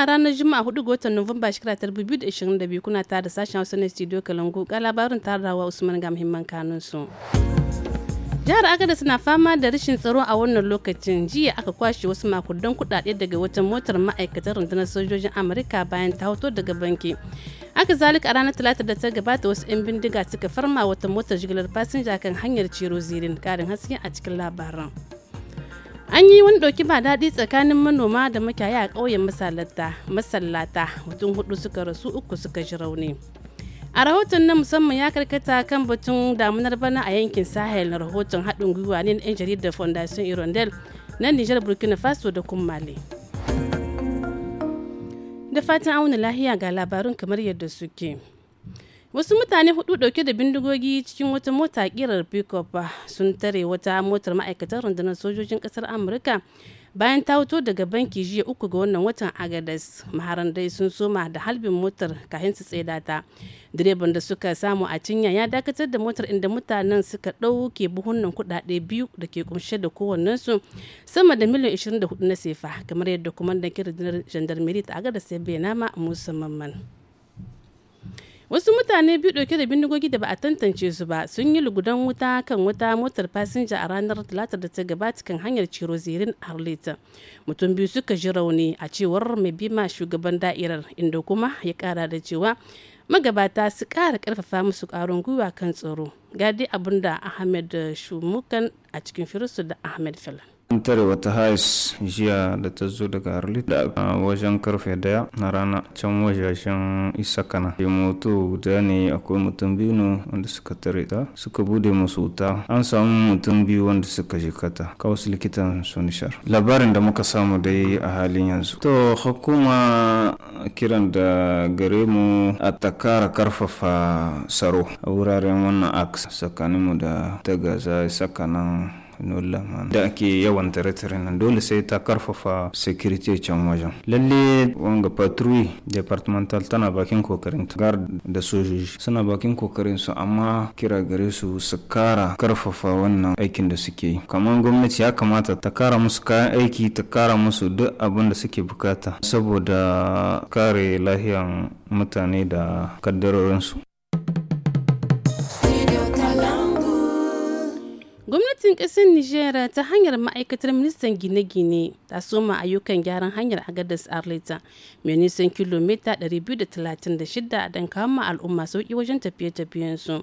Muna ranar Juma'a hudu ga watan Nuwamba shekara biyu kuna tare da sashen Hausa na Studio Kalangu ga labarin tarawa Usman ga muhimman kanun su. Jihar Agada suna fama da rashin tsaro a wannan lokacin jiya aka kwashe wasu makudan kuɗaɗe daga wata motar ma'aikatar rundunar sojojin Amurka bayan ta hoto daga banki. Aka zalika a ranar Talata da ta gabata wasu 'yan bindiga suka farma wata motar jigilar fasinja kan hanyar Ciro Zirin karin haske a cikin labaran. an yi wani ɗauki ba daɗi tsakanin manoma da makiyaya a ƙauyen masallata masallata mutum hudu suka rasu uku suka ji rauni a rahoton na musamman ya karkata kan batun damunar bana a yankin sahel na rahoton haɗin gwiwa ne na 'yan jaridar fondation irondel na nijar burkina faso da kuma mali da fatan auna lahiya ga labarun kamar yadda suke wasu mutane hudu dauke da bindigogi cikin wata mota kirar pickup sun tare wata motar ma'aikatar rundunar sojojin kasar amurka bayan ta wuto daga banki jiya uku ga wannan watan agadas maharan dai sun soma da halbin motar kahin su tsaye data direban da suka samu a cinya ya dakatar da motar inda mutanen suka dauke buhunan kuɗaɗe biyu da ke kunshe da kowannensu sama da miliyan 24 na sefa kamar yadda kuma da kirin jandarmeri ta agadas ya bayyana ma musamman wasu mutane biyu dauke da bindigogi da ba a tantance su ba sun yi lugudan wuta kan wuta motar fasinja a ranar talatar da ta gabata kan hanyar ciro zirin harleta mutum biyu suka ji rauni a cewar mai bima shugaban da'irar inda kuma ya kara da cewa magabata su kara karfafa musu karon gwiwa kan tsaro gadi abinda ahmed shumukan a cikin firisu da ahmed filan tare wata hais jiya da ta zo daga harlit da wajen karfe daya na rana can wajajen isakana da moto guda ne akwai mutum biyu ne wanda suka tare ta suka bude musu wuta an samu mutum biyu wanda suka jikata kawus likitan sunishar labarin da muka samu dai a halin yanzu to hukuma kiran da gare mu a takara karfafa tsaro a wuraren wannan aks tsakaninmu da ta gaza sakanan nolan da ake yawan tare-tare nan dole sai ta karfafa security can wajen lalle wanga patrui departmental tana bakin kokarin guard da sojoji suna bakin kokarin su amma kira gare su su kara karfafa wannan aikin da suke yi kamar gwamnati ya kamata ta kara musu kayan aiki ta kara musu duk abin da suke bukata saboda kare lahiyan mutane da kaddarorinsu Gwamnatin ƙasar Nijar ta hanyar ma'aikatar ministan gine-gine ta soma ayyukan gyaran hanyar Agadas Arleta mai nisan kilomita 236 don kama al'umma sauki wajen tafiye-tafiyensu.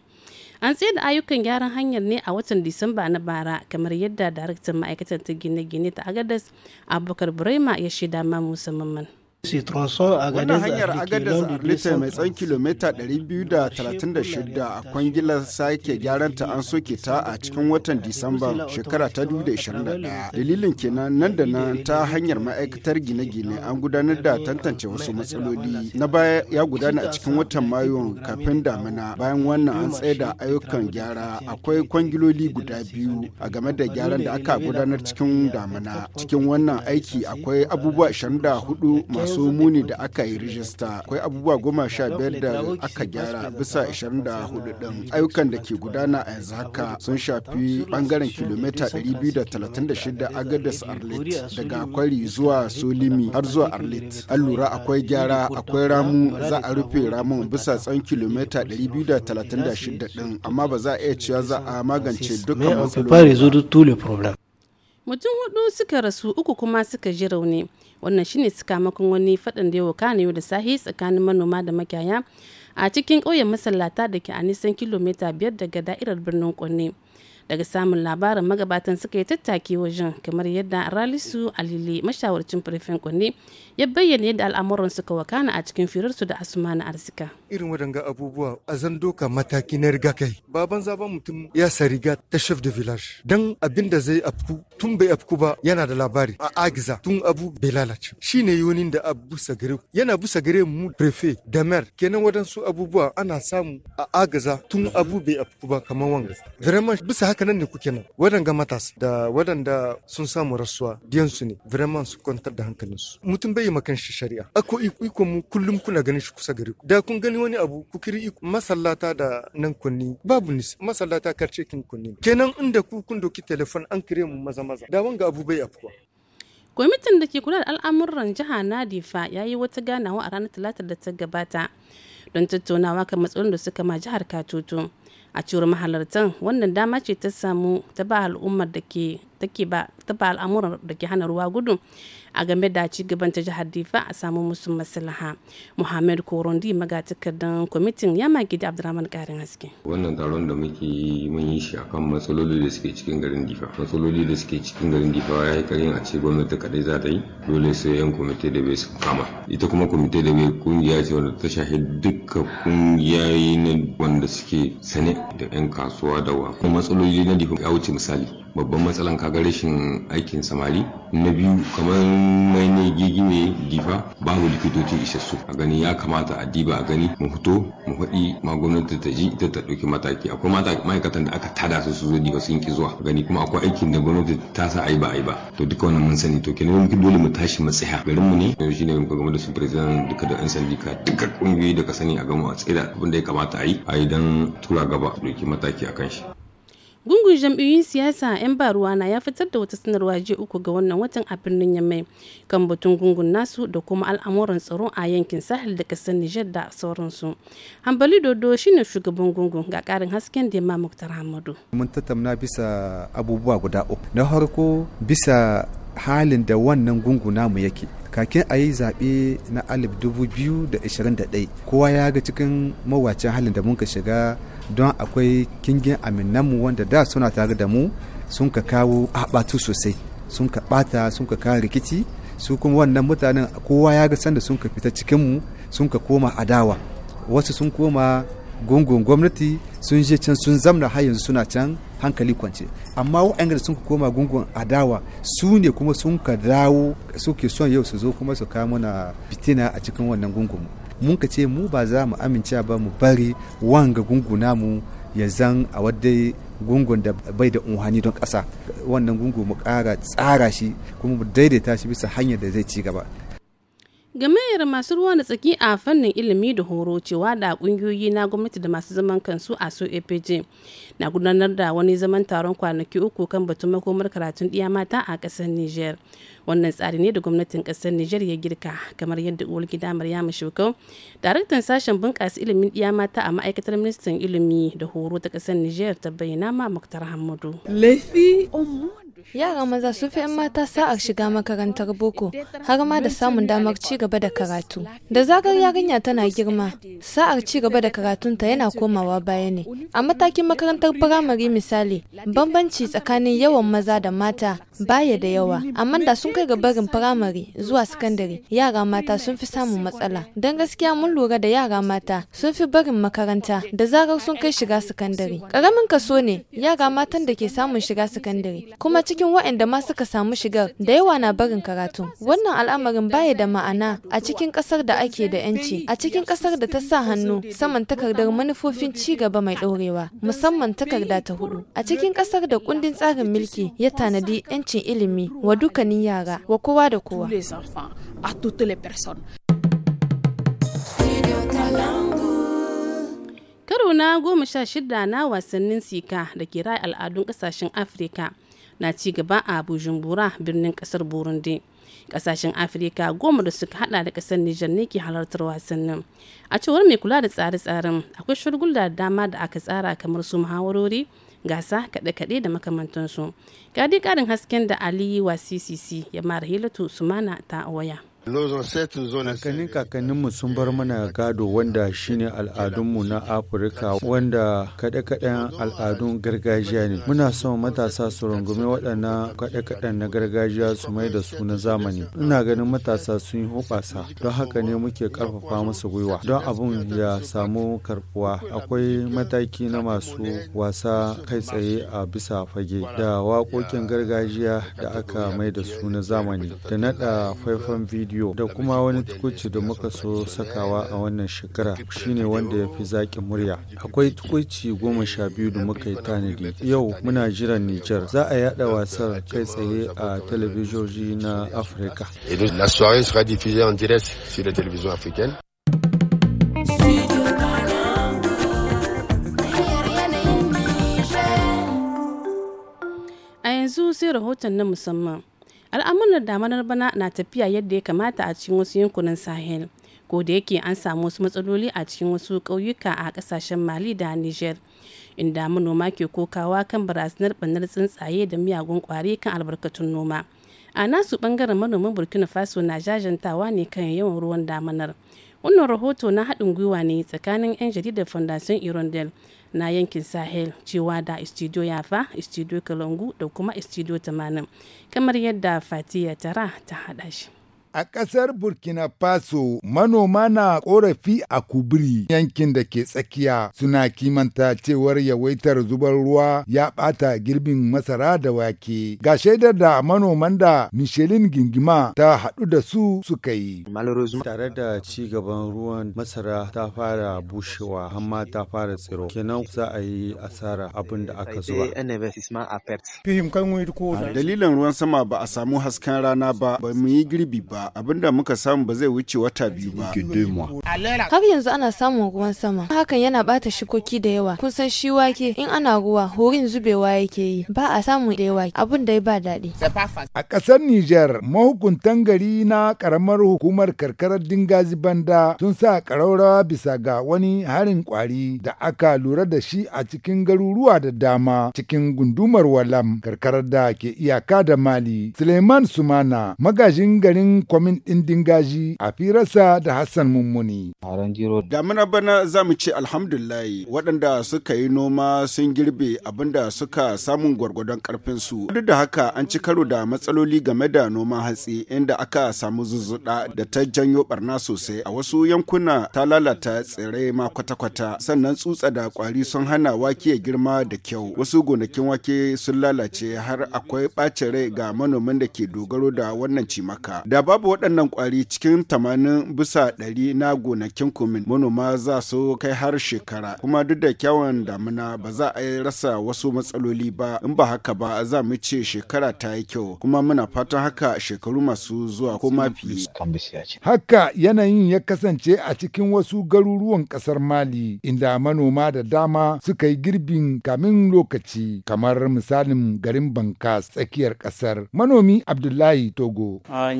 An tsaye da ayyukan gyaran hanyar ne a watan Disamba na bara kamar yadda daraktan ma'aikatar ta gine-gine ta Agadas Abubakar Burema ya shaida ma musamman. Wannan hanyar agadar Arlita mai tsan kilomita 236 a kwangilar sake gyaran ta an soke ta a cikin watan Disamba shekara ta 2021. Dalilin kenan nan da nan ta hanyar ma'aikatar gine-gine an gudanar da tantance wasu matsaloli. Na baya ya gudana a cikin watan Mayu kafin damina bayan wannan an da ayyukan gyara akwai kwangiloli guda biyu a game da gyaran da aka gudanar cikin damina. Cikin wannan aiki akwai abubuwa 24 masu su muni da aka yi rijista akwai abubuwa goma sha biyar da aka gyara bisa 24 din ayyukan da ke gudana a yanzu haka sun shafi bangaren kilomita 236 agadas arlit daga kwari zuwa solimi har zuwa arlit an lura akwai gyara akwai ramu za a rufe ramun bisa tsawon kilomita 236 din amma ba za a iya cewa za a magance dukkan matsalolin mutum hudu suka rasu uku kuma suka ji rauni wannan shine sakamakon wani faɗin da yawa yau da sahi tsakanin manoma da makiyaya a cikin ƙauyen masallata da ke a nisan kilomita biyar daga da'irar birnin kwanne daga samun labarin magabatan suka yi tattaki wajen kamar yadda ralisu alili mashawarcin firfin kunne ya bayyana yadda al'amuran suka wakana a cikin firarsu da asuma na arzika irin waɗanga abubuwa a zan doka mataki na kai baban zaben mutum ya sa riga ta chef de village dan abin da zai afku tun bai afku ba yana da labari a agiza tun abu bai lalace shine yonin da abu sagare yana busa gare mu prefe da mer kenan wadansu abubuwa ana samu a agaza tun abu bai afku ba kamar wanga vraiment bisa haka nan ne kuke nan waɗanda matasa da waɗanda sun samu rasuwa diyansu ne vraiment su kwantar da hankalinsu mutum bai makan shi shari'a ako iko mu kullum kuna ganin shi kusa gari da kun gani wani abu ku kiri iko masallata da nan kunni babu ni masallata karce kin kunni kenan inda ku kun doki telefon an kire mu maza maza da wanga abu bai afkuwa kwamitin da ke kula da al'amuran jiha nadifa ya yi wata ganawa a ranar talatar da ta gabata don tattaunawa kan matsalolin da suka ma jihar katoto a cewar mahalarta wannan dama ce ta samu ta ba al'ummar da ke take ba al'amuran da ke hana ruwa gudu a game da ci gaban ta jihar difa a samu musu maslaha muhammad korondi magatakardan kwamitin ya maki da abdurrahman karin haske wannan taron da muke mun yi shi akan matsaloli da suke cikin garin difa matsaloli da suke cikin garin difa ya yi karin a ce gwamnati kadai za ta yi dole sai yan kwamitin da bai su kama ita kuma kwamitin da bai kungiya ce wanda ta shahi dukkan kungiyoyi na wanda suke sane da yan kasuwa da wa matsaloli na difa ya wuce misali babban matsalan kaga rashin aikin samari na biyu kamar mai ne gigi ne difa babu likitoci isassu a gani ya kamata a diba a gani mu fito mu faɗi ma gwamnati ta ji ita ta ɗauki mataki akwai ma'aikatan da aka tada su su zo diba sun ki zuwa gani kuma akwai aikin da gwamnati ta sa a yi ba a yi ba to duka wannan mun sani to kenan mun dole mu tashi mu tsaya garin mu ne yanzu shine muka game da su president duka da yan sandika duka kungiyoyi da ka sani a gama a tsira abin da ya kamata a yi a yi dan tura gaba ɗauki mataki a kan shi gungun jam'iyyun siyasa 'yan ba ruwana ya fitar da wata sanarwa jiya uku ga wannan watan a birnin yamai kan batun gungun nasu da kuma al'amuran tsaro a yankin sahel da kasar nijar da sauransu hambali dodo shine shugaban gungun ga karin hasken da ma muktar hamadu mun tattauna bisa abubuwa guda uku na farko bisa halin da wannan gungu namu yake kakin a yi zaɓe na alif ɗaya. kowa ya ga cikin mawacin halin da muka shiga don akwai kingin aminanmu wanda da suna tare da mu sun ka kawo abatu sosai sun ka ɓata sun ka kawo rikici su kuma wannan mutanen kowa ya ga sanda sun ka fita cikinmu sun ka koma adawa wasu sun koma gungun gwamnati sun je can sun zamna har yanzu suna can hankali kwance amma waɗanda da sun koma gungun adawa su ne kuma sun ka dawo suke son yau su zo kuma su kawo mana fitina a cikin wannan gungun mun ka ce mu ba za mu amince ba mu bari wanga gunguna mu ya zan a wadda gungun da bai da unhani don ƙasa wannan gungu mu ƙara tsara shi kuma mu daidaita shi bisa hanyar da zai ci gaba gamayyar masu ruwa da tsaki a fannin ilimi da horo cewa da kungiyoyi na gwamnati da masu zaman kansu a so apj na gudanar da wani zaman taron kwanaki uku kan batun makomar karatun ɗiya mata a ƙasar niger wannan tsari ne da gwamnatin ƙasar niger ya girka kamar yadda uwar gida maryama shukau daraktan sashen bunƙasa ilimin ɗiya mata a ma'aikatar ministan ilimi da horo ta ƙasar niger ta bayyana ma muktar hamadu laifi Yara maza sun fi 'yan mata sa'ar shiga makarantar boko har ma da samun damar ci gaba da karatu. Da zagar yarinya tana girma, sa'ar ci gaba da karatunta yana komawa baya ne. A matakin makarantar firamare misali, bambanci tsakanin yawan maza da mata baya da yawa, amma da sun kai ga barin firamare zuwa sakandare, yara mata sun fi samun matsala. Don gaskiya mun lura da yara mata sun fi barin makaranta da zarar sun kai shiga sakandare. karamin kaso ne yara matan da ke samun shiga sakandare, kuma cikin waɗanda ma suka samu shigar da yawa na barin karatu. Wannan al'amarin baya da ma'ana a cikin ƙasar da ake da 'yanci, a cikin ƙasar da ta sa hannu saman takardar manufofin ci gaba mai ɗorewa, musamman takarda ta hudu. A cikin ƙasar da kundin tsarin mulki ya tanadi 'yancin ilimi wa dukkanin yara, wa kowa da kowa. Karo na goma sha shida na wasannin sika da ke al'adun ƙasashen Afirka. na ci gaba a bujumbura birnin kasar burundi kasashen afirka goma da suka hada da kasar nijar ne ke halartar wasannin a cewar mai kula da tsare-tsaren akwai shirgul da dama da aka tsara kamar su muhawarori gasa kaɗe-kaɗe da makamantansu ga dai ƙarin hasken da aliyu wa ccc ya mara hilatu mana ta waya kakannin kakanninmu sun bar mana gado wanda shine al'adunmu na afirka wanda kaɗe-kaɗen al'adun gargajiya ne muna son matasa su rungumi waɗannan kaɗe-kaɗen na gargajiya su mai da su na zamani ina ganin matasa sun yi hubasa don haka ne muke karfafa musu gwiwa don abun ya samu karbuwa akwai mataki na masu wasa kai tsaye a bisa fage da waƙoƙin gargajiya da aka mai da su na zamani da naɗa faifan bidiyo da kuma wani tukuci da muka so sakawa a wannan shekara shine wanda ya fi zaƙin murya akwai tukuci goma sha biyu da muka yi tanadi yau muna jiran nijar za a yada wasar kai tsaye a talabijoji na afirka a yanzu sai rahoton na musamman al'amuran damanar bana na tafiya yadda ya kamata a cikin wasu yankunan sahel ko da yake an samu wasu matsaloli a cikin wasu ƙauyuka a ƙasashen mali da niger inda manoma ke kokawa kan barazanar ɓannar tsuntsaye da miyagun ƙwari kan albarkatun noma a nasu ɓangaren manoman burkina faso na jajantawa ne kan yawan ruwan damanar wannan rahoto na haɗin gwiwa ne tsakanin 'yan jaridar fondation irondel na yankin sahel cewa da studio yafa studio kalangu da kuma studio 80 kamar yadda fatiya tara ta hada shi A ƙasar Burkina Faso manoma na ƙorafi a kuburi yankin da ke tsakiya suna kimanta cewar yawaitar zubar ruwa ya ɓata girbin masara da wake. Ga shaidar da manoman da Michelin Gingima ta haɗu da su suka yi. Tare da ci gaban ruwan masara ta fara bushewa amma ta fara tsiro. Kenan za a yi asara abin da aka zuwa. Dalilin ruwan sama ba a samu hasken rana ba ba mu yi girbi ba Abin da muka samu ba zai wuce wata biyu ba. Har yanzu ana samun ruwan sama hakan yana bata shikoki da yawa kun san shi wake in ana ruwa horin zubewa yake yi ba a samun da yawa abin da ba daɗi. A ƙasar Nijar mahukuntan gari na ƙaramar hukumar karkarar Dingazi Banda sun sa ƙaraurawa bisa ga wani harin ƙwari da aka lura da shi a cikin garuruwa da dama cikin gundumar Walam karkarar da ke iyaka da Mali. Suleiman Sumana magajin garin kwamin ɗin dingaji a firarsa da Hassan Mummuni. muna bana za mu ce alhamdulahi waɗanda suka yi noma sun girbe abin da suka samun gwargwadon ƙarfinsu. Duk da haka an ci karo da matsaloli game da noman hatsi inda aka samu zuzzuɗa da ta janyo ɓarna sosai a wasu yankuna ta lalata tsirai ma kwata-kwata sannan tsutsa da kwari sun hana wake ya girma da kyau wasu gonakin wake sun lalace har akwai ɓacin rai ga manoman da ke dogaro da wannan cimaka da babu waɗannan ƙwari cikin tamanin bisa ɗari na gonakin kumin manoma za su kai har shekara kuma duk da kyawun damuna ba za a yi rasa wasu matsaloli ba in ba haka ba za mu ce shekara ta yi kyau kuma muna fatan haka shekaru masu zuwa ko mafi. Haka yanayin ya kasance a cikin wasu garuruwan ƙasar Mali inda manoma da dama suka yi girbin kamin lokaci kamar misalin garin Bankas tsakiyar ƙasar. Manomi Abdullahi Togo. Ah,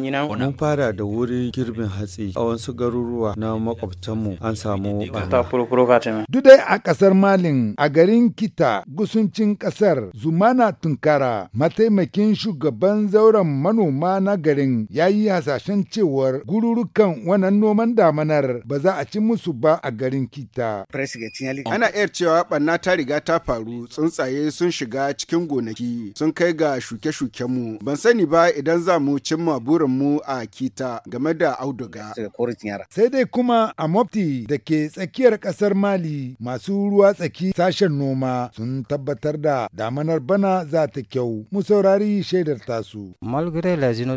An fara da wurin girbin hatsi a wasu garuruwa na makwabtanmu an samu barna. Duk dai a ƙasar Malin a garin Kita gusuncin ƙasar Zumana Tunkara mataimakin shugaban zauren manoma na garin ya yi hasashen cewar gururukan wannan noman damanar ba za a ci musu ba a garin Kita. Ana iya cewa ɓanna ta riga ta faru tsuntsaye sun shiga cikin gonaki sun kai ga shuke mu ban sani ba idan za mu cimma burinmu a kita game da auduga. Sai dai kuma a mafti da ke tsakiyar ƙasar Mali masu ruwa tsaki sashen noma sun tabbatar da damanar bana za ta kyau. Mu saurari shaidar tasu.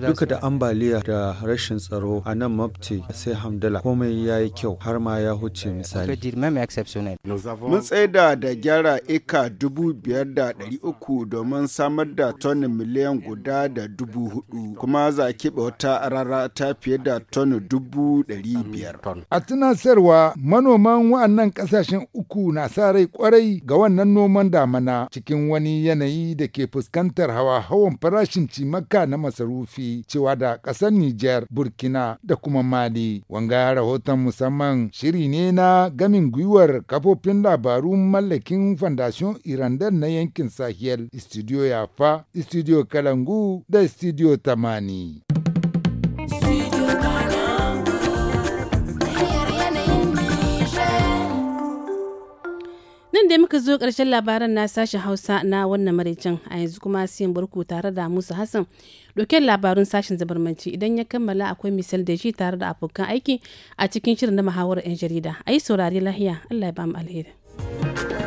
Duka da ambaliya da rashin tsaro a nan mafti sai hamdala komai ya yi kyau har ma ya huce misali. Mun tsaida da gyara eka dubu biyar da ɗari uku domin samar da tonin miliyan guda da dubu hudu kuma za a keɓe wata rara ta fiye da tonu dubu ɗari biyar. A tunasarwa manoman wa'annan ƙasashen uku na sa rai kwarai ga wannan noman damana cikin wani yanayi da ke fuskantar hawa-hawan farashin cimaka na masarufi cewa da ƙasar Nijar, Burkina da kuma Mali. Wanga rahoton musamman shiri ne na gamin gwiwar kafofin labarun mallakin Fondation Irandar na yankin Sahel, Studio Yafa, Studio Kalangu da Studio Tamani. Nan da muka zo ƙarshen labaran na sashen Hausa na wannan maraicin a yanzu kuma siyan burku tare da Musa Hassan doken labarun sashen zabarmanci idan ya kammala akwai misal da shi tare da abokan aiki a cikin shirin na muhawarar 'yan jarida. A yi saurari lahiya Allah ya ba mu alheri.